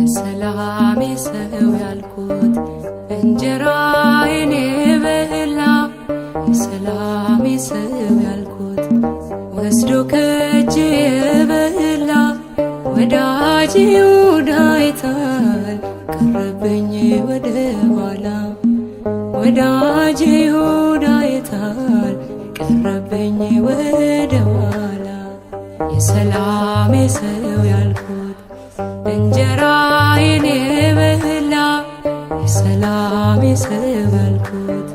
የሰላሜ ሰው ያልኩት እንጀራዬን በላ የሰላሜ ሰው ያልኩት ወስዶ ከእጄ የበላ ወዳጅ ይሁዳ አይታል ቀረብኝ ወደ ኋላ ወዳጅ ይሁዳ አይታል ቀረብኝ ወደ ኋላ የሰላም የሰው ያልኩት እንጀራ የኔ መላ የሰላም ያልኩት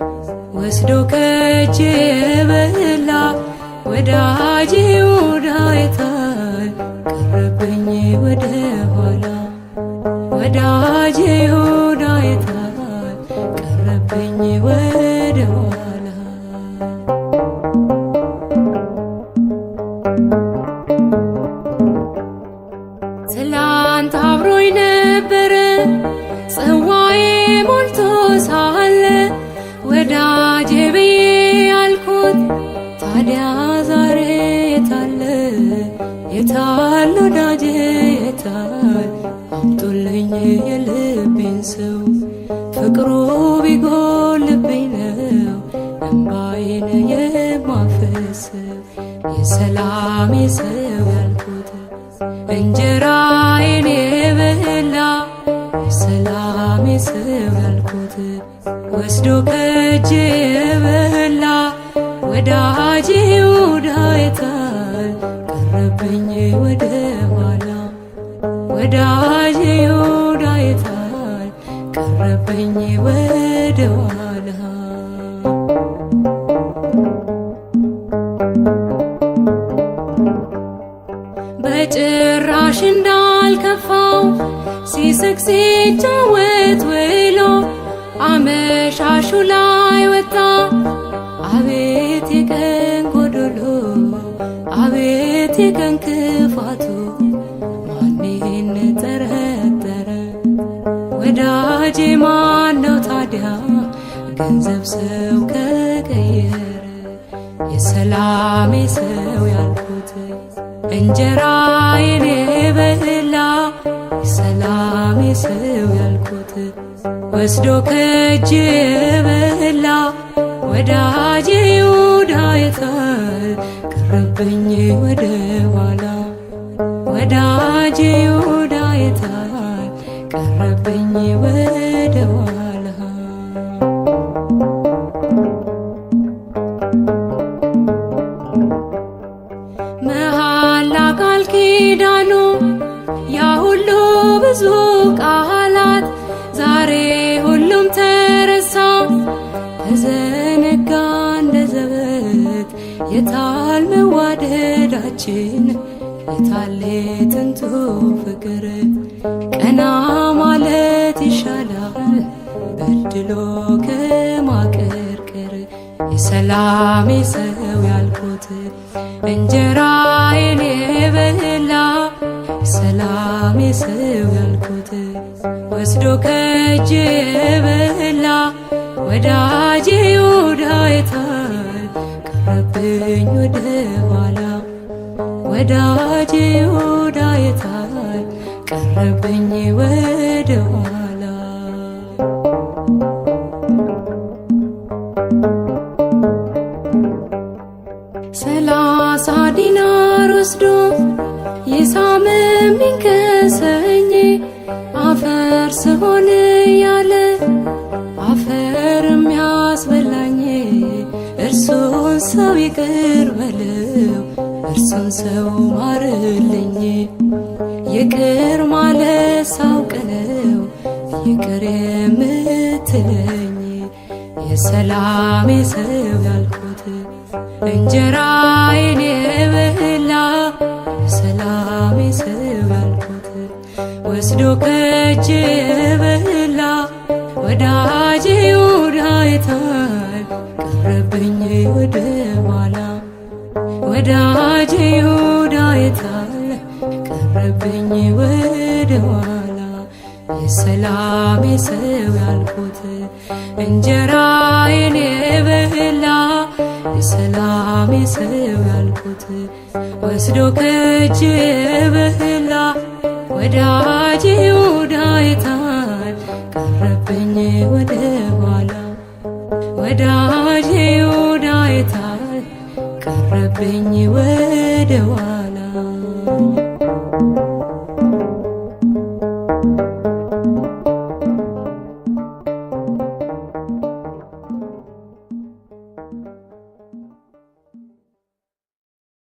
ወስዶ ከእጄ በላ ወዳጅ ይሁዳ ቀረብኝ ወደ ኋላ ወዳጅ ቀረብኝ ወደ የልቤን ሰው ፍቅሩ ቢጎልብኝ ነው እምባዬን የማፈሰው የሰላም ሰው ያልኩት እንጀራዬን የበላ የሰላም ሰው ያልኩት ወስዶ ከእጄ የበላ ወዳጅ ይሁዳይታል ቀረብኝ ወደ ኋላ ወዳጄ ቀረብኝ ወደ ኋላ በጭራሽ እንዳልከፋው ሲስቅ ሲጫወት ውሎ አመሻሹ ላይ ወጣ አቤት የቀን ጎዶሎ አቤት የቀን ወዳጄ ማነው ታዲያ ገንዘብ ሰው ከቀየረ የሰላሜ ሰው ያልኩት እንጀራ የኔ በላ የሰላሜ ሰው ያልኩት ወስዶ ከእጅ የበላ ወዳጄ ይሁዳ የታል ቀረብኝ ወደ ኋላ ወዳጄ ይሁዳ የታል ቀረብኝ ወደ ኋላ መሃላ ቃል ኪዳኑ ያ ሁሉ ብዙ ቃላት ዛሬ ሁሉም ተረሳ ተዘነጋ እንደ ዘበት የታል መዋደዳችን የታል የጥንቱ ፍቅር ብሎ ከማቀርቅር የሰላም ሰው ያልኩት እንጀራዬን የበላ የሰላም ሰው ያልኩት ወስዶ ከእጄ የበላ ወዳጄ ይሁዳ የታል ቀረብኝ ወደ ኋላ ወዳጄ ይሁዳ የታል ቀረብኝ ወደ ኋላ የሚንከሰኝ አፈር ስሆን ያለ አፈር የሚያስበላኝ እርሱን ሰው ይቅር በለው እርሱን ሰው ማርልኝ ይቅር ማለት ሳውቅ ነው ይቅር የምትለኝ የሰላም የሰው ያልኩት እንጀራዬን የበላ ሰላም ስበልኩት ወስዶ ከእጄ በላ ወዳጄ ይሁዳ ቀረብኝ ወደ ኋላ ቀረብኝ ወደ ኋላ የሰላም ሰው ያልኩት እንጀራዬን የበላ የሰላም መልካም የሰው ያልኩት ወስዶ ከእጅ በህላ ወዳጅ ይሁዳ ይታል ቀረብኝ ወደ ኋላ ወዳጅ ይሁዳ ቀረብኝ ወደ ኋላ